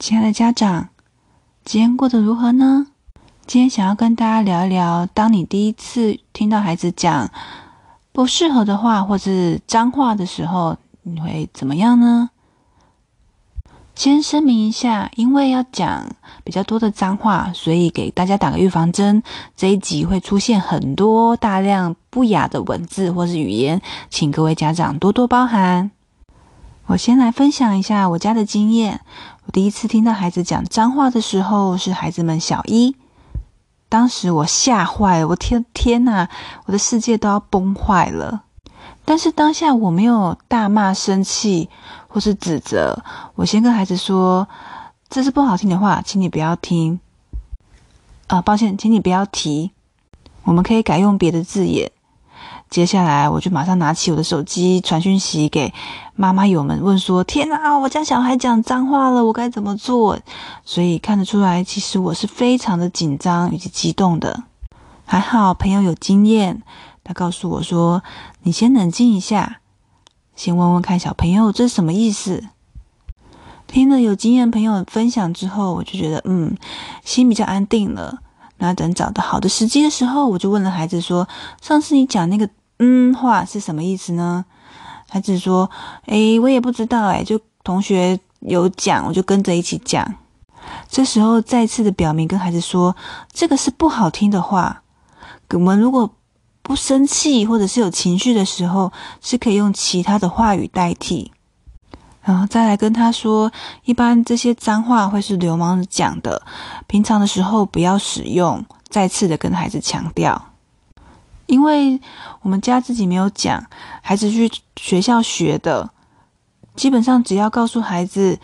親愛的家長，今天過得如何呢？今天想要跟大家聊一聊，當你第一次聽到孩子講不適合的話或是髒話的時候，你會怎麼樣呢？先聲明一下，因為要講比較多的髒話，所以給大家打個預防針，這一集會出現很多大量不雅的文字或是語言，請各位家長多多包涵。我先來分享一下我家的經驗。我第一次聽到孩子講髒話的時候是孩子們小一，當時我嚇壞了，我天，天哪，我的世界都要崩壞了。但是當下我沒有大罵、生氣或是指責，我先跟孩子說：“這是不好聽的話，請你不要聽。”呃，啊，抱歉，請你不要提，我們可以改用別的字眼。接下來我就馬上拿起我的手機傳訊息給媽媽友們，問說：“天哪，我家小孩講髒話了，我該怎麼做？”所以看得出來，其實我是非常的緊張以及激動的。還好朋友有經驗，他告訴我說：“你先冷靜一下，先問問看小朋友這是什麼意思。”聽了有經驗朋友分享之後，我就覺得嗯，心比較安定了。那等找到好的時機的時候，我就問了孩子說：“上次你講那個。”嗯，話是什麼意思呢？孩子說：“誒、欸，我也不知道、欸，哎，就同學有講，我就跟着一起講。”這時候再次的表明跟孩子說：“這個是不好聽的話，我們如果不生氣或者是有情緒的時候，是可以用其他的話語代替。”然後再來跟他說：“一般這些髒話會是流氓講的，平常的時候不要使用。”再次的跟孩子強調。因為我們家自己沒有講，孩子去學校學的，基本上只要告訴孩子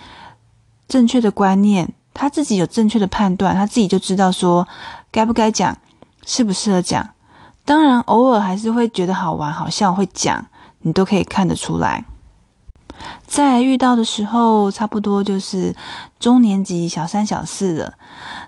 正確的觀念，他自己有正確的判斷，他自己就知道說該不該講，適不適合講。當然，偶爾還是會覺得好玩、好笑會講，你都可以看得出來。在遇到的時候，差不多就是中年級、小三、小四了，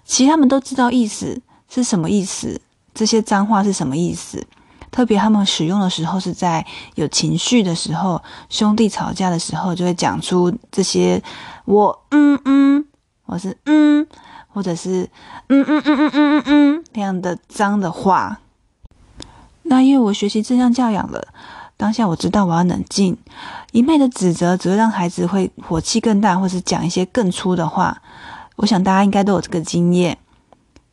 其實他們都知道意思，是什麼意思。這些髒話是什麼意思？特別他們使用的時候是在有情緒的時候，兄弟吵架的時候，就會講出這些“我嗯嗯，我是嗯，或者是嗯嗯嗯嗯嗯嗯嗯那樣的髒的話。那因為我學習正向教養了，當下我知道我要冷靜，一昧的指責只會讓孩子會火氣更大，或是講一些更粗的話。我想大家應該都有這個經驗。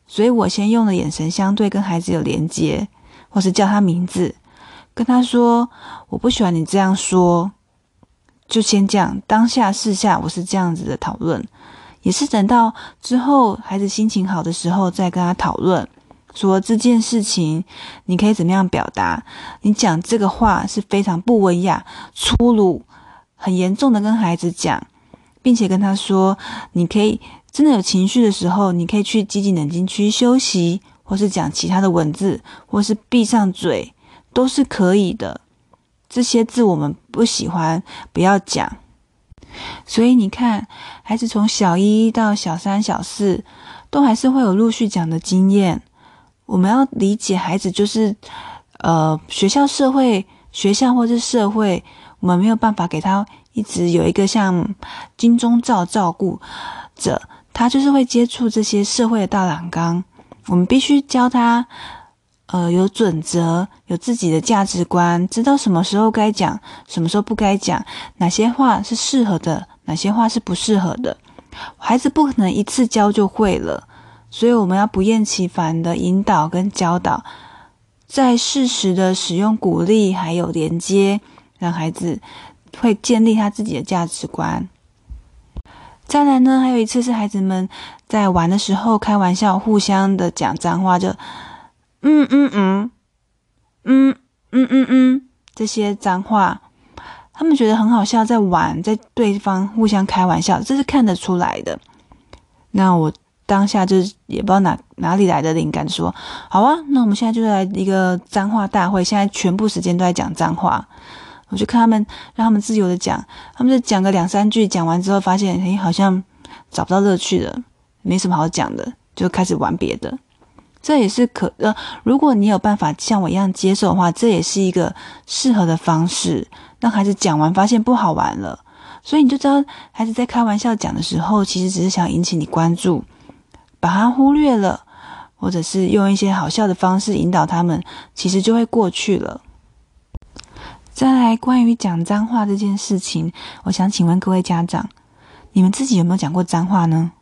所以我先用的眼神相對跟孩子有連接，或是叫他名字，跟他說：“我不喜歡你這樣說。”就先這樣，當下事下，我是這樣子的討論，也是等到之後孩子心情好的時候再跟他討論，說這件事情你可以怎麼樣表達？你講這個話是非常不文雅、粗魯、很嚴重的跟孩子講，並且跟他說：“你可以。”真的有情緒的時候，你可以去積極冷靜區休息，或是講其他的文字，或是閉上嘴，都是可以的。這些字我們不喜歡，不要講。所以你看，孩子從小一到小三、小四，都還是會有陸續講的經驗。我們要理解孩子，就是呃，學校、社會、學校或是社會，我們沒有辦法給他一直有一個像金鐘罩照、照顧者。他就是會接觸這些社會的大染缸，我們必須教他，呃，有準則，有自己的價值觀，知道什麼時候該講，什麼時候不該講，哪些話是適合的，哪些話是不適合的。孩子不可能一次教就會了，所以我們要不厭其煩的引導跟教導，再適時的使用鼓勵，還有連接，讓孩子會建立他自己的價值觀。再來呢，還有一次是孩子們在玩的時候開玩笑，互相的講髒話，就嗯嗯嗯嗯，嗯嗯嗯嗯這些髒話，他們覺得很好笑，在玩，在對方互相開玩笑，這是看得出來的。那我當下就是也不知道哪哪裡來的靈感說，說好啊，那我們現在就來一個髒話大會，現在全部時間都在講髒話。我就看他們，讓他們自由的講，他們就講個兩三句，講完之後發現，哎，好像找不到樂趣了，沒什麼好講的，就開始玩別的。這也是可，呃，如果你有辦法像我一樣接受的話，這也是一個適合的方式，讓孩子講完發現不好玩了，所以你就知道孩子在開玩笑講的時候，其實只是想引起你關注，把他忽略了，或者是用一些好笑的方式引導他們，其實就會過去了。再來，關於講髒話這件事情，我想請問各位家長，你們自己有沒有講過髒話呢？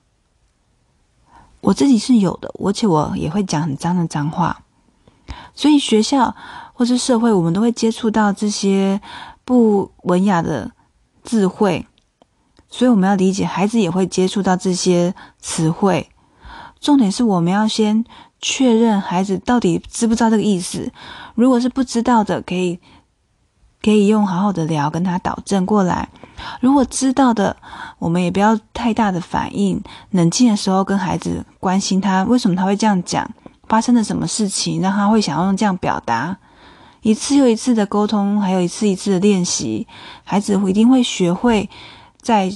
我自己是有的，而且我也會講很髒的髒話。所以學校或是社會，我們都會接觸到這些不文雅的詞彙，所以我們要理解，孩子也會接觸到這些詞彙。重點是我們要先確認孩子到底知不知道這個意思。如果是不知道的，可以。可以用好好的聊跟他導正過來。如果知道的，我們也不要太大的反應，冷靜的時候跟孩子關心他為什麼他會這樣講，發生了什麼事情，讓他會想要用這樣表達。一次又一次的溝通，還有一次一次的練習，孩子一定會學會在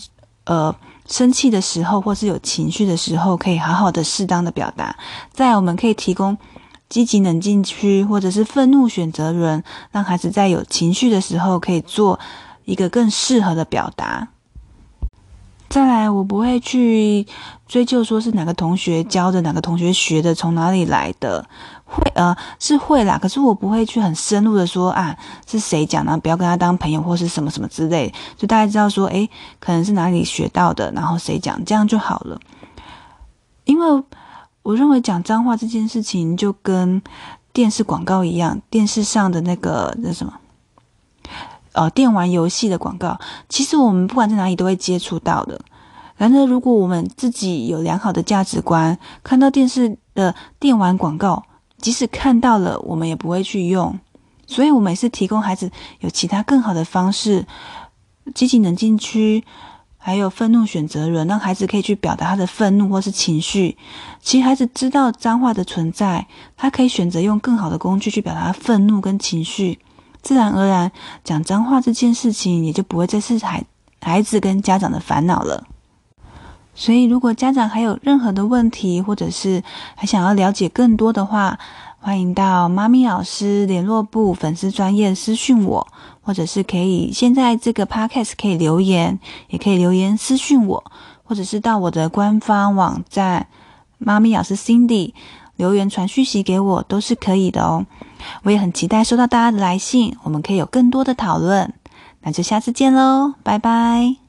呃生氣的時候或是有情緒的時候，可以好好的適當的表達。再來，我們可以提供。積極冷靜區，或者是憤怒選擇輪，讓孩子在有情緒的時候可以做一個更適合的表達。再來，我不會去追究說是哪個同學教的，哪個同學學的，從哪裡來的，會呃是會啦，可是我不會去很深入的說啊是誰講的，然後不要跟他當朋友或是什麼什麼之類，就大家知道說，誒、欸，可能是哪裡學到的，然後誰講，這樣就好了，因為。我認為講髒話這件事情，就跟電視廣告一樣，電視上的那個那什麼，呃，電玩遊戲的廣告，其實我們不管在哪裡都會接觸到的。然而如果我們自己有良好的價值觀，看到電視的電玩廣告，即使看到了，我們也不會去用。所以，我們也是提供孩子有其他更好的方式，積極冷靜區。還有憤怒選擇輪，讓孩子可以去表達他的憤怒或是情緒。其實孩子知道髒話的存在，他可以選擇用更好的工具去表達他憤怒跟情緒，自然而然講髒話這件事情也就不會再是孩孩子跟家長的煩惱了。所以，如果家長還有任何的問題，或者是還想要了解更多的話，歡迎到媽咪老師聯絡簿粉絲專頁私訊我，或者是可以現在這個 podcast 可以留言，也可以留言私訊我，或者是到我的官方網站媽咪老師 Cindy 留言傳訊息給我都是可以的哦。我也很期待收到大家的來信，我們可以有更多的討論。那就下次見嘍，拜拜。